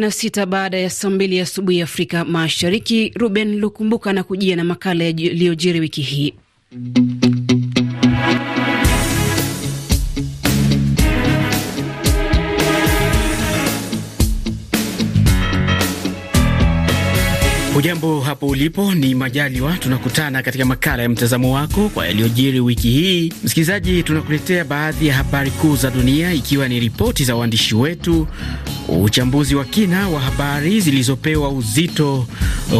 Na sita baada ya saa mbili asubuhi ya Afrika Mashariki, Ruben Lukumbuka na kujia na makala yaliyojiri wiki hii. Ujambo hapo ulipo, ni majaliwa, tunakutana katika makala ya mtazamo wako kwa yaliyojiri wiki hii. Msikilizaji, tunakuletea baadhi ya habari kuu za dunia, ikiwa ni ripoti za waandishi wetu, uchambuzi wa kina wa habari zilizopewa uzito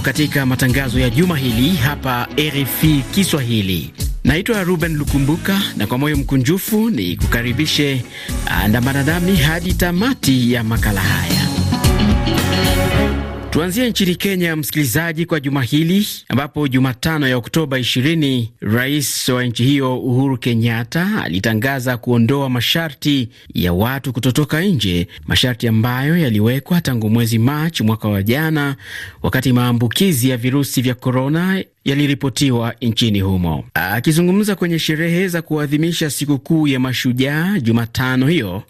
katika matangazo ya juma hili hapa RFI Kiswahili. Naitwa Ruben Lukumbuka na kwa moyo mkunjufu ni kukaribishe andamana nami hadi tamati ya makala haya. Tuanzie nchini Kenya, msikilizaji, kwa juma hili ambapo Jumatano ya Oktoba 20 rais wa nchi hiyo Uhuru Kenyatta alitangaza kuondoa masharti ya watu kutotoka nje, masharti ambayo yaliwekwa tangu mwezi Machi mwaka wa jana, wakati maambukizi ya virusi vya korona yaliripotiwa nchini humo. Akizungumza kwenye sherehe za kuadhimisha sikukuu ya Mashujaa Jumatano hiyo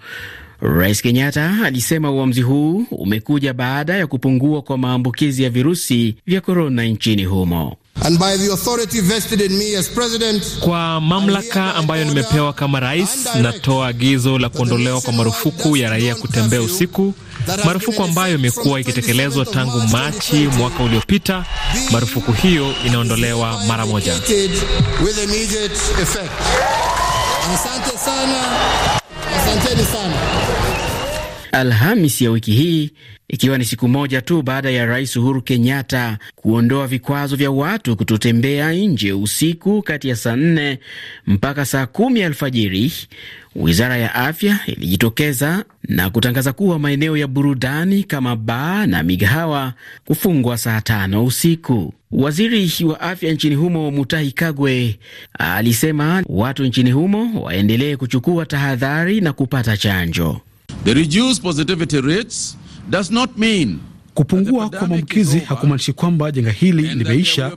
Rais Kenyatta alisema uamuzi huu umekuja baada ya kupungua kwa maambukizi ya virusi vya korona nchini humo. And by the authority vested in me as president, kwa mamlaka ambayo nimepewa kama rais, natoa agizo la kuondolewa kwa marufuku ya raia kutembea usiku, marufuku ambayo imekuwa ikitekelezwa tangu Machi mwaka uliopita. Marufuku hiyo inaondolewa mara moja. Asante sana. asanteni sana. Alhamis ya wiki hii ikiwa ni siku moja tu baada ya Rais Uhuru Kenyatta kuondoa vikwazo vya watu kutotembea nje usiku kati ya saa nne mpaka saa kumi alfajiri, wizara ya afya ilijitokeza na kutangaza kuwa maeneo ya burudani kama baa na migahawa kufungwa saa tano usiku. Waziri wa afya nchini humo Mutahi Kagwe alisema watu nchini humo waendelee kuchukua tahadhari na kupata chanjo. The reduced positivity rates does not mean kupungua kwa maambukizi hakumaanishi kwamba janga hili limeisha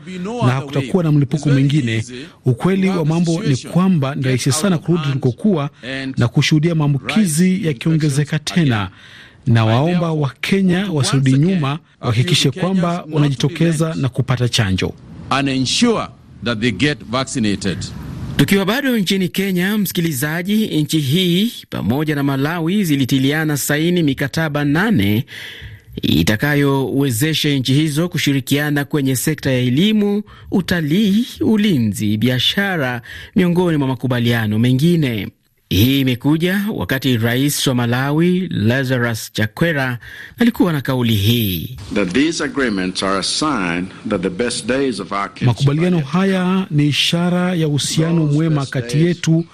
na hakutakuwa na mlipuko mwingine. Ukweli wa mambo ni kwamba ni rahisi sana kurudi tulikokuwa na kushuhudia maambukizi yakiongezeka tena. Na waomba Wakenya wasirudi nyuma, wahakikishe kwamba wanajitokeza na kupata chanjo. Tukiwa bado nchini Kenya, msikilizaji, nchi hii pamoja na Malawi zilitiliana saini mikataba nane itakayowezesha nchi hizo kushirikiana kwenye sekta ya elimu, utalii, ulinzi, biashara, miongoni mwa makubaliano mengine. Hii imekuja wakati rais wa Malawi Lazarus Chakwera alikuwa na kauli hii: makubaliano haya ni ishara ya uhusiano mwema kati yetu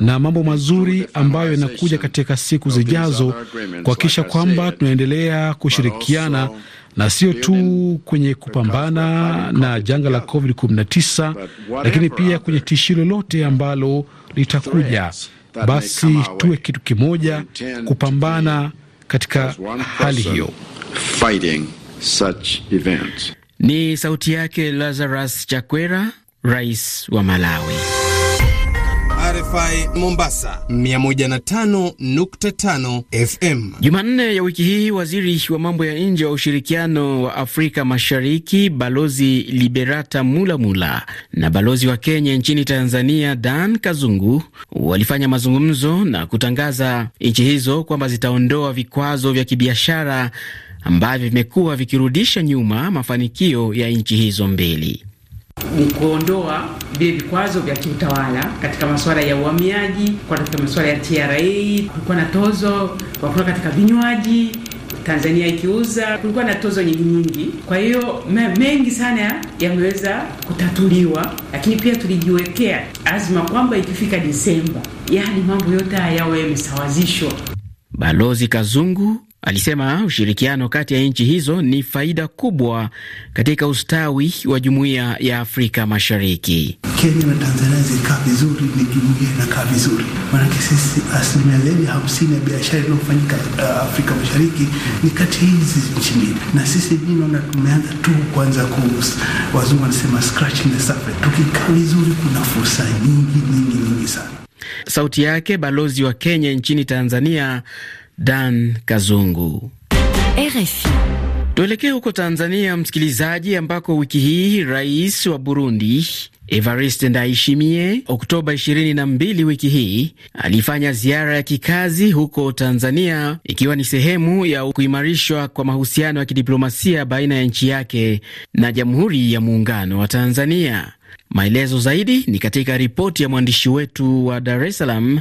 na mambo mazuri ambayo yanakuja katika siku zijazo, kuhakikisha kwamba tunaendelea kushirikiana na sio tu kwenye kupambana na janga la COVID-19, lakini pia kwenye tishio lolote ambalo litakuja basi tuwe kitu kimoja kupambana katika hali hiyo. Ni sauti yake Lazarus Chakwera, rais wa Malawi. RFI Mombasa 105.5 FM. Jumanne ya wiki hii waziri wa mambo ya nje wa ushirikiano wa Afrika Mashariki Balozi Liberata Mulamula na balozi wa Kenya nchini Tanzania Dan Kazungu walifanya mazungumzo na kutangaza nchi hizo kwamba zitaondoa vikwazo vya kibiashara ambavyo vimekuwa vikirudisha nyuma mafanikio ya nchi hizo mbili ni kuondoa vile vikwazo vya kiutawala katika masuala ya uhamiaji, kwa katika masuala ya TRA kulikuwa na tozo, kwa katika vinywaji Tanzania ikiuza kulikuwa na tozo nyingi nyingi. Kwa hiyo mengi sana yameweza kutatuliwa, lakini pia tulijiwekea azma kwamba ikifika Disemba, yani mambo yote haya yawe yamesawazishwa. Balozi Kazungu Alisema ushirikiano kati ya nchi hizo ni faida kubwa katika ustawi wa jumuiya ya Afrika Mashariki. Kenya na Tanzania zilikaa vizuri, ni jumuiya inakaa vizuri, maanake sisi asilimia zaidi ya hamsini ya biashara inayofanyika uh, Afrika Mashariki ni kati hizi nchi mbili, na sisi jii naona tumeanza tu kuanza ku, wazungu wanasema scratching the surface. Tukikaa vizuri, kuna fursa nyingi nyingi nyingi sana. Sauti yake balozi wa Kenya nchini Tanzania Dan Kazungu, RFI. Tuelekee huko Tanzania, msikilizaji, ambako wiki hii rais wa Burundi Evariste Ndayishimiye Oktoba 22 wiki hii alifanya ziara ya kikazi huko Tanzania, ikiwa ni sehemu ya kuimarishwa kwa mahusiano ya kidiplomasia baina ya nchi yake na Jamhuri ya Muungano wa Tanzania. Maelezo zaidi ni katika ripoti ya mwandishi wetu wa Dar es Salaam,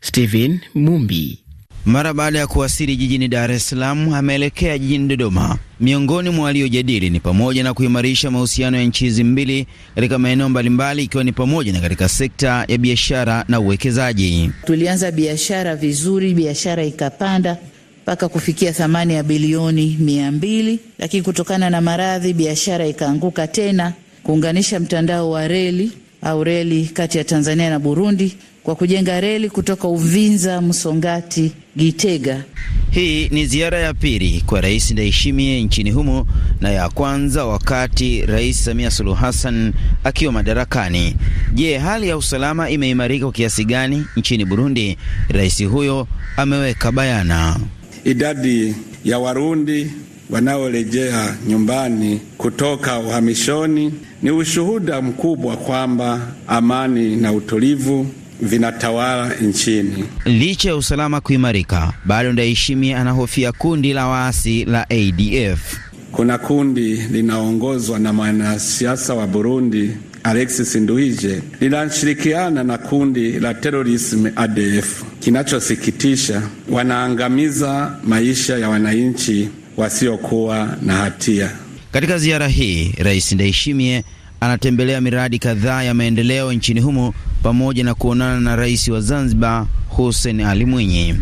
Stephen Mumbi mara baada ya kuwasili jijini Dar es Salaam ameelekea jijini Dodoma. Miongoni mwa waliojadili ni pamoja na kuimarisha mahusiano ya nchi hizi mbili katika maeneo mbalimbali, ikiwa ni pamoja na katika sekta ya biashara na uwekezaji. Tulianza biashara vizuri, biashara ikapanda mpaka kufikia thamani ya bilioni mia mbili, lakini kutokana na maradhi biashara ikaanguka tena. Kuunganisha mtandao wa reli au reli kati ya Tanzania na Burundi kwa kujenga reli kutoka Uvinza, Msongati, Gitega. Hii ni ziara ya pili kwa Rais Ndayishimiye nchini humo na ya kwanza wakati Rais Samia Suluhu Hassan akiwa madarakani. Je, hali ya usalama imeimarika kwa kiasi gani nchini Burundi? Rais huyo ameweka bayana idadi ya Warundi wanaorejea nyumbani kutoka uhamishoni ni ushuhuda mkubwa kwamba amani na utulivu vinatawala nchini. Licha ya usalama kuimarika, bado Ndayishimiye anahofia kundi la waasi la ADF. Kuna kundi linaongozwa na mwanasiasa wa Burundi Alexis Nduhije linashirikiana na kundi la terorism ADF. Kinachosikitisha, wanaangamiza maisha ya wananchi wasiokuwa na hatia. Katika ziara hii, Rais Ndayishimiye anatembelea miradi kadhaa ya maendeleo nchini humo pamoja na kuonana na rais wa Zanzibar Hussein Ali Mwinyi.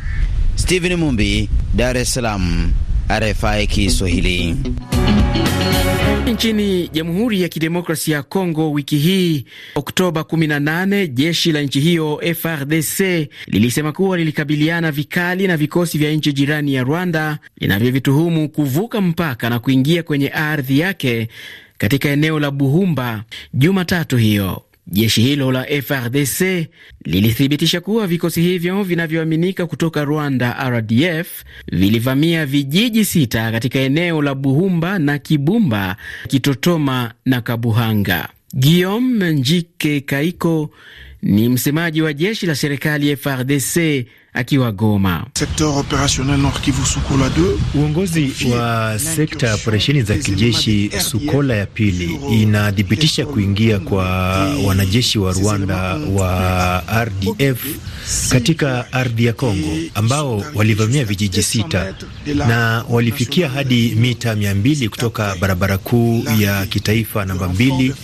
Stephen Mumbi, Dar es Salaam, RFI Kiswahili. Nchini Jamhuri ya Kidemokrasia ya Kongo wiki hii Oktoba 18, jeshi la nchi hiyo FRDC lilisema kuwa lilikabiliana vikali na vikosi vya nchi jirani ya Rwanda linavyovituhumu kuvuka mpaka na kuingia kwenye ardhi yake katika eneo la Buhumba Jumatatu hiyo. Jeshi hilo la FRDC lilithibitisha kuwa vikosi hivyo vinavyoaminika kutoka Rwanda, RDF, vilivamia vijiji sita katika eneo la Buhumba na Kibumba, Kitotoma na Kabuhanga. Guillaume Njike Kaiko ni msemaji wa jeshi la serikali FRDC akiwa Goma. Uongozi wa sekta ya operesheni za kijeshi Sukola ya pili euh, inathibitisha kuingia kwa wanajeshi wa Rwanda wa RDF katika ardhi ya Kongo ambao walivamia vijiji sita na walifikia hadi mita mia mbili kutoka barabara kuu ya kitaifa namba mbili.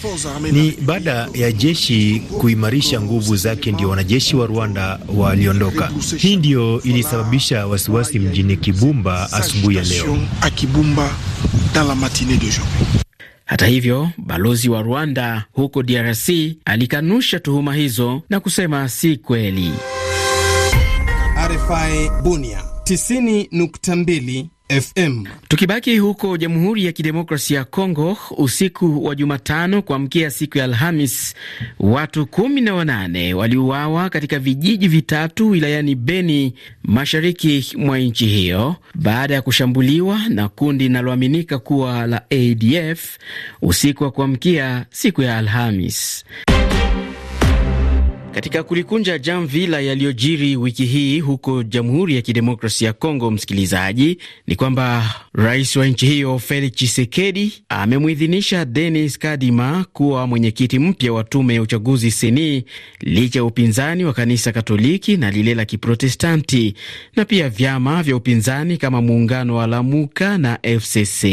Ni baada ya jeshi kuimarisha nguvu zake ndio wanajeshi wa Rwanda waliondoka. Hii ndiyo ilisababisha wasiwasi mjini Kibumba asubuhi ya leo. Hata hivyo, balozi wa Rwanda huko DRC alikanusha tuhuma hizo na kusema si kweli. RFI Bunia 90.2 FM. Tukibaki huko Jamhuri ya Kidemokrasia ya Kongo, usiku wa Jumatano kuamkia siku ya Alhamis, watu kumi na wanane waliuawa katika vijiji vitatu wilayani Beni, mashariki mwa nchi hiyo baada ya kushambuliwa na kundi linaloaminika kuwa la ADF usiku wa kuamkia siku ya Alhamis. Katika kulikunja jamvi la yaliyojiri wiki hii huko Jamhuri ya Kidemokrasia ya Kongo, msikilizaji, ni kwamba rais wa nchi hiyo Felix Tshisekedi amemwidhinisha Denis Kadima kuwa mwenyekiti mpya wa tume ya uchaguzi seni, licha ya upinzani wa kanisa Katoliki na lile la Kiprotestanti na pia vyama vya upinzani kama muungano wa Lamuka na FCC.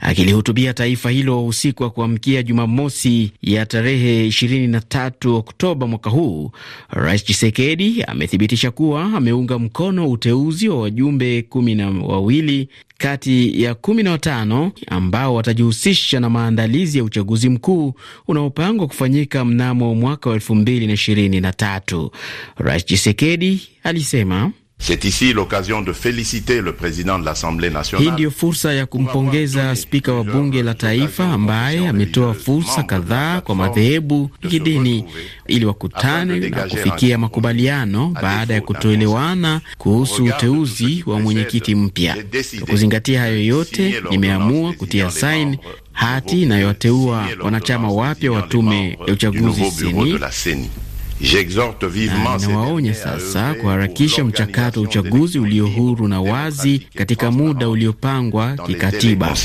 Akilihutubia taifa hilo usiku wa kuamkia Jumamosi ya tarehe 23 Oktoba mwaka huu, Rais chisekedi amethibitisha kuwa ameunga mkono uteuzi wa wajumbe kumi na wawili kati ya kumi na watano ambao watajihusisha na maandalizi ya uchaguzi mkuu unaopangwa kufanyika mnamo mwaka wa elfu mbili na ishirini na tatu. Rais Chisekedi alisema C'est ici l'occasion de féliciter le président de l'Assemblée nationale. Hii ndiyo fursa ya kumpongeza spika wa bunge la taifa ambaye ametoa fursa kadhaa kwa madhehebu ya kidini ili wakutane na kufikia makubaliano baada ya kutoelewana kuhusu uteuzi wa mwenyekiti mpya. Kwa kuzingatia hayo yote, nimeamua kutia sain hati inayowateua wanachama wapya wa tume ya uchaguzi seni na ah, nawaonya sasa kuharakisha mchakato wa uchaguzi ulio huru na wazi katika muda uliopangwa kikatiba.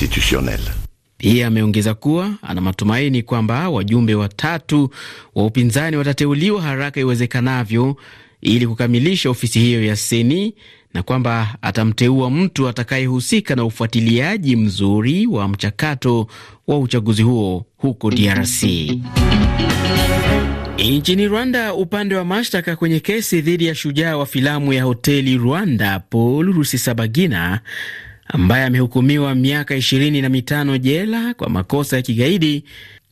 Pia ameongeza kuwa ana matumaini kwamba wajumbe watatu wa upinzani watateuliwa haraka iwezekanavyo ili kukamilisha ofisi hiyo ya Seni na kwamba atamteua mtu atakayehusika na ufuatiliaji mzuri wa mchakato wa uchaguzi huo huko DRC. Nchini Rwanda, upande wa mashtaka kwenye kesi dhidi ya shujaa wa filamu ya Hoteli Rwanda Paul Rusisabagina ambaye amehukumiwa miaka ishirini na mitano jela kwa makosa ya kigaidi.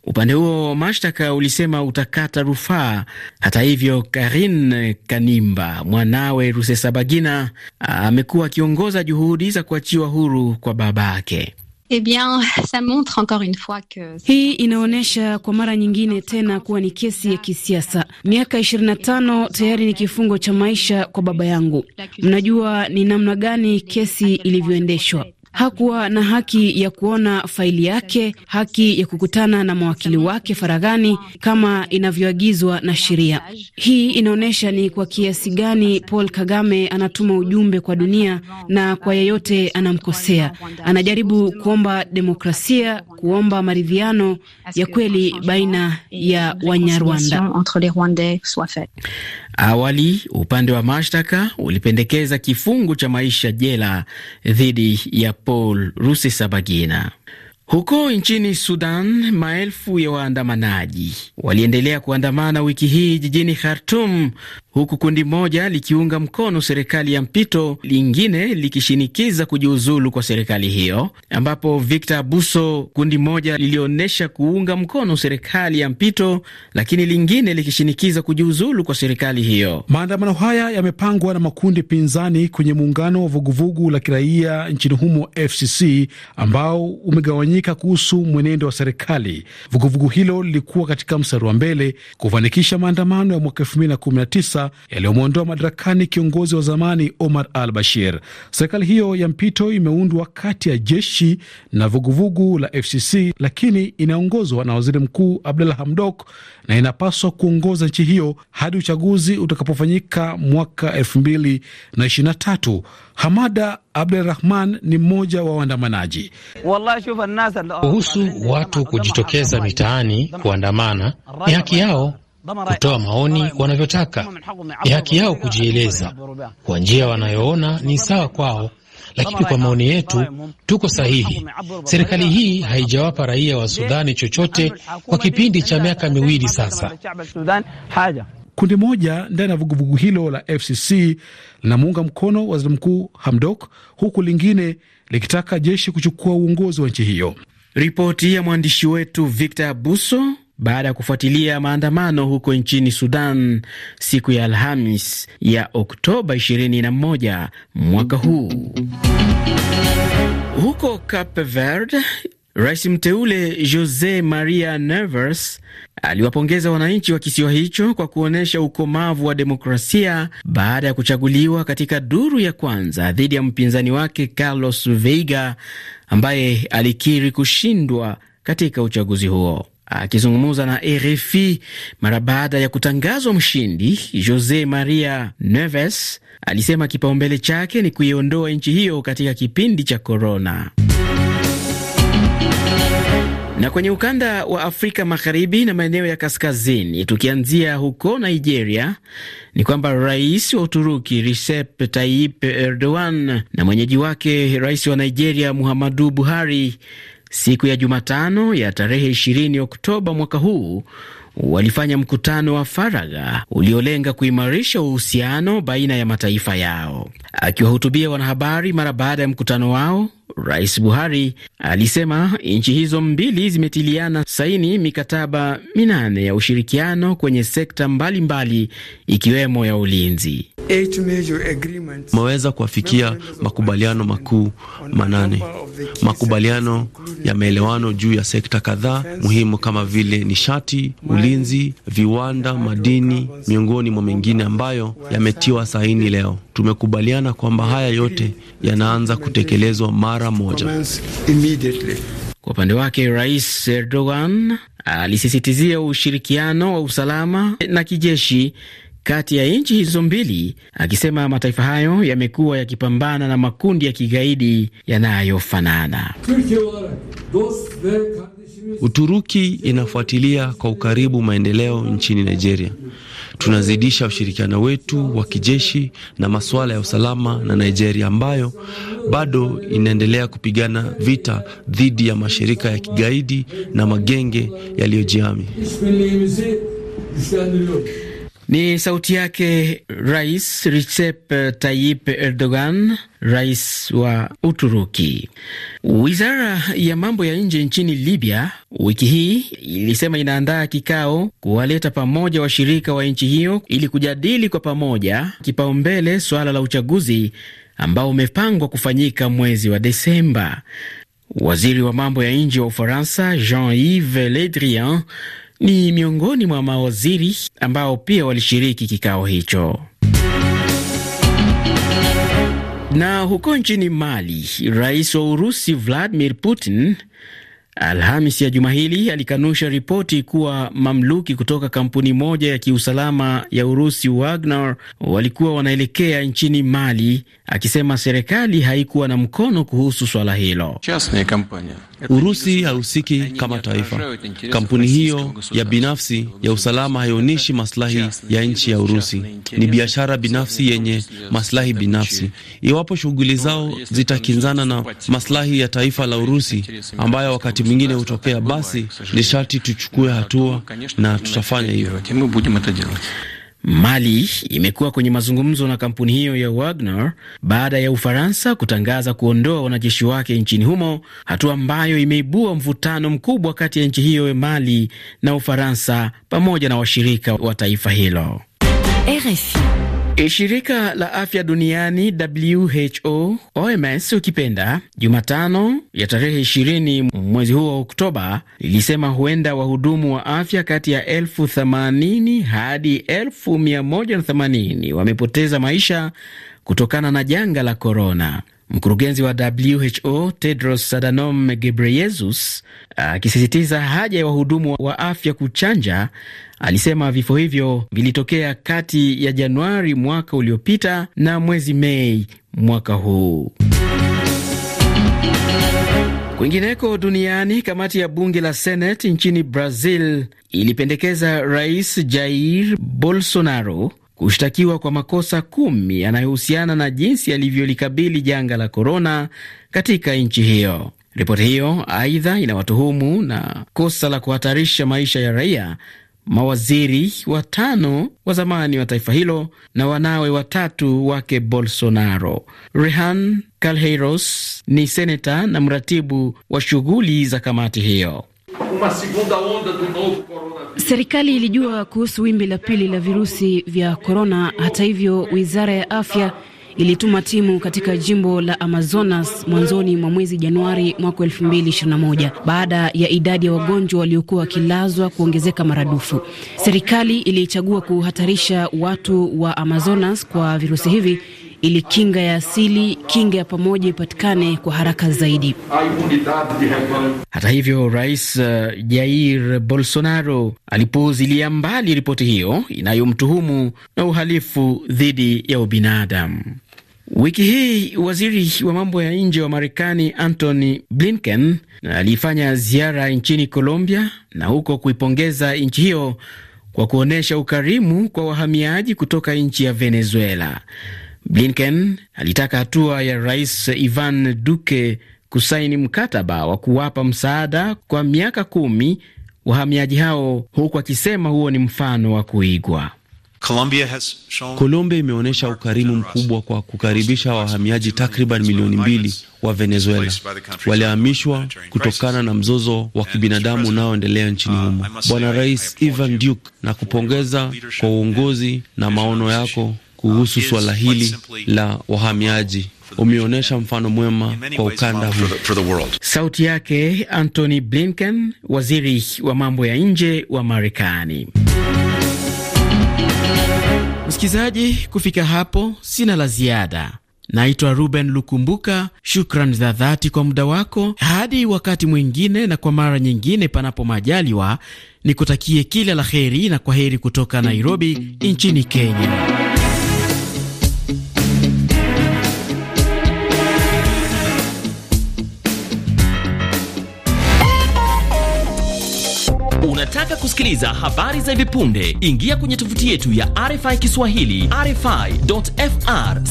Upande huo mashtaka ulisema utakata rufaa. Hata hivyo, Karin Kanimba, mwanawe Rusesabagina, amekuwa akiongoza juhudi za kuachiwa huru kwa babake. Eh bien, ça montre encore une fois que... Hii inaonyesha kwa mara nyingine tena kuwa ni kesi ya kisiasa. Miaka 25 tayari ni kifungo cha maisha kwa baba yangu. Mnajua ni namna gani kesi ilivyoendeshwa hakuwa na haki ya kuona faili yake, haki ya kukutana na mawakili wake faraghani kama inavyoagizwa na sheria. Hii inaonyesha ni kwa kiasi gani Paul Kagame anatuma ujumbe kwa dunia na kwa yeyote anamkosea. Anajaribu kuomba demokrasia, kuomba maridhiano ya kweli baina ya Wanyarwanda. Awali upande wa mashtaka ulipendekeza kifungu cha maisha jela dhidi ya Paul Rusesabagina. Huko nchini Sudan, maelfu ya waandamanaji waliendelea kuandamana wiki hii jijini Khartum huku kundi moja likiunga mkono serikali ya mpito, lingine likishinikiza kujiuzulu kwa serikali hiyo, ambapo Victor Abuso, kundi moja lilionyesha kuunga mkono serikali ya mpito, lakini lingine likishinikiza kujiuzulu kwa serikali hiyo. Maandamano haya yamepangwa na makundi pinzani kwenye muungano wa vuguvugu la kiraia nchini humo FCC, ambao umegawanyika kuhusu mwenendo wa serikali. Vuguvugu hilo lilikuwa katika mstari wa mbele kufanikisha maandamano ya mwaka 2019 yaliyomwondoa madarakani kiongozi wa zamani Omar al Bashir. Serikali hiyo ya mpito imeundwa kati ya jeshi na vuguvugu vugu la FCC, lakini inaongozwa na waziri mkuu Abdullah Hamdok na inapaswa kuongoza nchi hiyo hadi uchaguzi utakapofanyika mwaka 2023. Hamada Abdurahman ni mmoja wa waandamanaji. Kuhusu watu kujitokeza mitaani kuandamana, ni haki yao kutoa maoni wanavyotaka. Ni haki yao kujieleza kwa njia wanayoona ni sawa kwao, lakini kwa maoni yetu tuko sahihi. Serikali hii haijawapa raia wa Sudani chochote kwa kipindi cha miaka miwili sasa. Kundi moja ndani ya vuguvugu hilo la FCC linamuunga mkono waziri mkuu Hamdok, huku lingine likitaka jeshi kuchukua uongozi wa nchi hiyo. Ripoti ya mwandishi wetu Victor Abuso baada ya kufuatilia maandamano huko nchini Sudan siku ya Alhamis ya Oktoba 21 mwaka huu. Huko Cape Verde, rais mteule Jose Maria Neves aliwapongeza wananchi wa kisiwa hicho kwa kuonyesha ukomavu wa demokrasia baada ya kuchaguliwa katika duru ya kwanza dhidi ya mpinzani wake Carlos Veiga ambaye alikiri kushindwa katika uchaguzi huo. Akizungumza na RFI mara baada ya kutangazwa mshindi, Jose Maria Neves alisema kipaumbele chake ni kuiondoa nchi hiyo katika kipindi cha korona. Na kwenye ukanda wa Afrika Magharibi na maeneo ya kaskazini, tukianzia huko Nigeria, ni kwamba rais wa Uturuki Recep Tayyip Erdogan na mwenyeji wake rais wa Nigeria Muhammadu Buhari siku ya Jumatano ya tarehe 20 Oktoba mwaka huu walifanya mkutano wa faragha uliolenga kuimarisha uhusiano baina ya mataifa yao. Akiwahutubia wanahabari mara baada ya mkutano wao, Rais Buhari alisema nchi hizo mbili zimetiliana saini mikataba minane ya ushirikiano kwenye sekta mbalimbali mbali, ikiwemo ya ulinzi mmeweza kuafikia makubaliano makuu manane, makubaliano ya maelewano juu ya sekta kadhaa muhimu kama vile nishati, ulinzi, viwanda, madini, miongoni mwa mengine ambayo yametiwa saini leo. Tumekubaliana kwamba haya yote yanaanza kutekelezwa mara moja. Kwa upande wake Rais Erdogan alisisitizia ushirikiano wa usalama na kijeshi kati ya nchi hizo mbili, akisema mataifa hayo yamekuwa yakipambana na makundi ya kigaidi yanayofanana. Uturuki inafuatilia kwa ukaribu maendeleo nchini Nigeria. Tunazidisha ushirikiano wetu wa kijeshi na masuala ya usalama na Nigeria, ambayo bado inaendelea kupigana vita dhidi ya mashirika ya kigaidi na magenge yaliyojihami. Ni sauti yake Rais Recep Tayyip Erdogan, rais wa Uturuki. Wizara ya mambo ya nje nchini Libya wiki hii ilisema inaandaa kikao kuwaleta pamoja washirika wa, wa nchi hiyo ili kujadili kwa pamoja kipaumbele suala la uchaguzi ambao umepangwa kufanyika mwezi wa Desemba. Waziri wa mambo ya nje wa Ufaransa Jean-Yves Le Drian ni miongoni mwa mawaziri ambao pia walishiriki kikao hicho. Na huko nchini Mali, rais wa Urusi Vladimir Putin Alhamis ya juma hili alikanusha ripoti kuwa mamluki kutoka kampuni moja ya kiusalama ya Urusi Wagner walikuwa wanaelekea nchini Mali akisema serikali haikuwa na mkono kuhusu swala hilo. Urusi hahusiki kama taifa. Kampuni hiyo ya binafsi ya usalama haionyeshi maslahi ya nchi ya Urusi, ni biashara binafsi yenye maslahi binafsi. Iwapo shughuli zao zitakinzana na maslahi ya taifa la Urusi, ambayo wakati mwingine hutokea, basi ni sharti tuchukue hatua na tutafanya hivyo. Mali imekuwa kwenye mazungumzo na kampuni hiyo ya Wagner baada ya Ufaransa kutangaza kuondoa wanajeshi wake nchini humo, hatua ambayo imeibua mvutano mkubwa kati ya nchi hiyo ya Mali na Ufaransa pamoja na washirika wa taifa hilo. RFI E shirika la afya duniani WHO OMS ukipenda, Jumatano ya tarehe 20 mwezi huu wa Oktoba lilisema huenda wahudumu wa afya kati ya elfu hadi elfu wamepoteza maisha kutokana na janga la korona. Mkurugenzi wa WHO Tedros Adhanom Ghebreyesus akisisitiza haja ya wahudumu wa afya kuchanja, alisema vifo hivyo vilitokea kati ya Januari mwaka uliopita na mwezi Mei mwaka huu. Kwingineko duniani, kamati ya bunge la Seneti nchini Brazil ilipendekeza Rais Jair Bolsonaro kushtakiwa kwa makosa kumi yanayohusiana na jinsi alivyolikabili janga la korona katika nchi hiyo. Ripoti hiyo aidha inawatuhumu na kosa la kuhatarisha maisha ya raia mawaziri watano wa zamani wa taifa hilo na wanawe watatu wake Bolsonaro. Rehan Calheiros ni seneta na mratibu wa shughuli za kamati hiyo uma segunda onda do novo coronavírus. Serikali ilijua kuhusu wimbi la pili la virusi vya korona. Hata hivyo, wizara ya afya ilituma timu katika jimbo la Amazonas mwanzoni mwa mwezi Januari mwaka 2021 baada ya idadi ya wagonjwa waliokuwa wakilazwa kuongezeka maradufu. Serikali ilichagua kuhatarisha watu wa Amazonas kwa virusi hivi ili kinga ya asili, kinga ya pamoja ipatikane kwa haraka zaidi. Hata hivyo, Rais uh, Jair Bolsonaro alipuuzilia mbali ripoti hiyo inayomtuhumu na uhalifu dhidi ya ubinadamu. Wiki hii waziri wa mambo ya nje wa Marekani Antony Blinken alifanya ziara nchini Colombia na huko kuipongeza nchi hiyo kwa kuonyesha ukarimu kwa wahamiaji kutoka nchi ya Venezuela. Blinken alitaka hatua ya Rais Ivan Duque kusaini mkataba wa kuwapa msaada kwa miaka kumi wahamiaji hao, huku akisema huo ni mfano wa kuigwa. Colombia imeonyesha ukarimu mkubwa kwa kukaribisha wahamiaji takriban milioni mbili wa Venezuela walihamishwa kutokana na mzozo wa kibinadamu unaoendelea nchini humo. Uh, Bwana Rais Ivan Duque, na kupongeza kwa uongozi na maono yako kuhusu suala hili la wahamiaji umeonyesha mfano mwema kwa ukanda huu. Sauti yake Antony Blinken, waziri wa mambo ya nje wa Marekani. Msikilizaji, kufika hapo sina la ziada. Naitwa Ruben Lukumbuka. Shukran za dhati kwa muda wako. Hadi wakati mwingine, na kwa mara nyingine, panapo majaliwa, nikutakie kila la heri na kwa heri kutoka Nairobi nchini Kenya. Unataka kusikiliza habari za hivi punde? Ingia kwenye tovuti yetu ya RFI Kiswahili, rfi.fr/sw.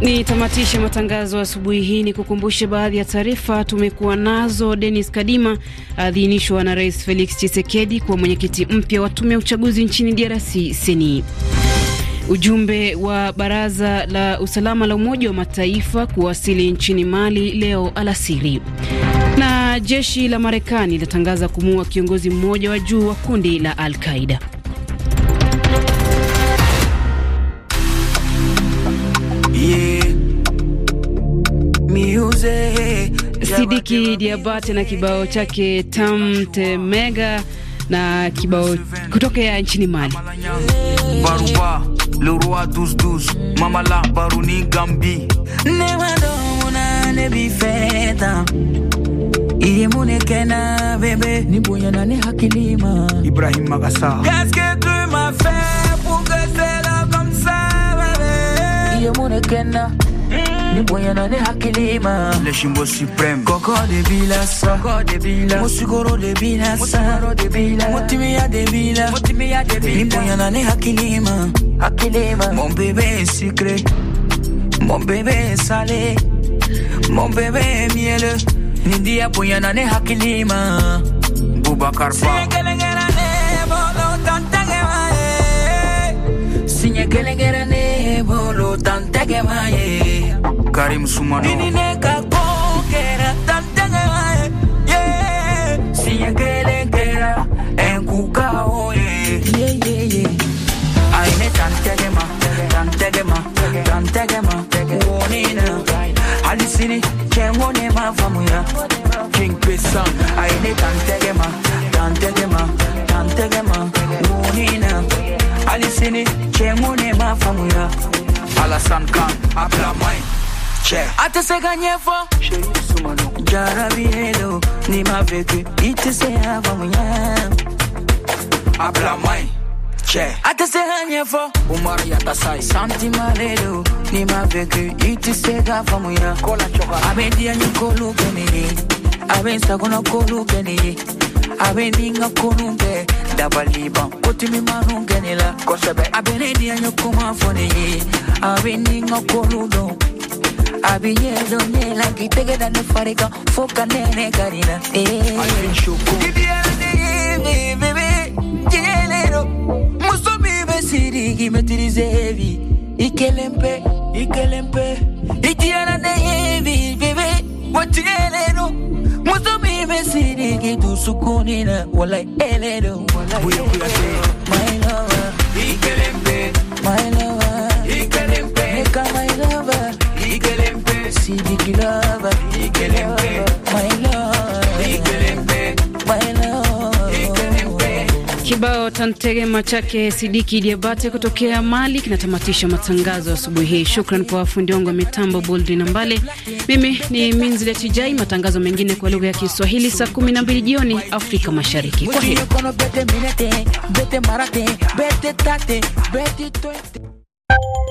Ni tamatishe matangazo asubuhi hii, ni kukumbushe baadhi ya taarifa tumekuwa nazo. Denis Kadima aadhinishwa na Rais Felix Tshisekedi kuwa mwenyekiti mpya wa tume ya uchaguzi nchini DRC seni Ujumbe wa Baraza la Usalama la Umoja wa Mataifa kuwasili nchini Mali leo alasiri. Na jeshi la Marekani linatangaza kumuua kiongozi mmoja wa juu wa kundi la Al-Qaida. Sidiki Diabate na kibao chake Tamtemega na kibao kutokea nchini Mali. Yeah le roi 12-12, Mamala Barouni Gambi. Newadona ne bifeta iyemunekena bebe ni bonyana ne hakilima Ibrahim Magassa Qu'est-ce que tu m'as fait pour que c'est là comme ça bébé Iyemunekena Ni boya ne hakili Le supreme Koko debila, vilas debila, de debila. Mosigoro de Motimiya de Motimiya de vilas ne hakili ma Mon bébé sucré Mon bébé salé Mon bébé ne hakili ma Fa ne bolo tantege maye Karim Sumano. kokera tantengae yeah siyekelekela aine tantegema tantegema alasan kan ablamai Ate se ganyefo Jarabi hello Ni ma veke Ite se hava mwenye Abla mai Ate se ganyefo Umari yatasai Santi malelo Ni ma veke Ite se gava mwenye Abe dia nyukolu kenini Abe sagona kolu kenini Abe ninga kolu kenini dabaliban ko timi manu kɛnɛ la kosɛbɛ a bɛ ne diya ɲɛ kuma fɔ ne ye a bɛ ni n ka kolu dɔn Habillé donné la guitare dans le fariga Foca nene carina Kibiane eh. bebe Jelero Muso bibe sirigi metirizevi Ikelempe Ikelempe Ikiana nevi bebe Wajelero Muso bibe sirigi tu sukunina Wala elero Wala elero My lover Ikelempe My lover Ikelempe Kibao tantegema chake Sidiki Diabate kutokea Mali kinatamatisha matangazo asubuhi hii. Shukran kwa wafundi wangu wa mitambo Boldi na Mbale. Mimi ni Minzile Tijai. Matangazo mengine kwa lugha ya Kiswahili saa 12 jioni Afrika Mashariki. Kwa heri.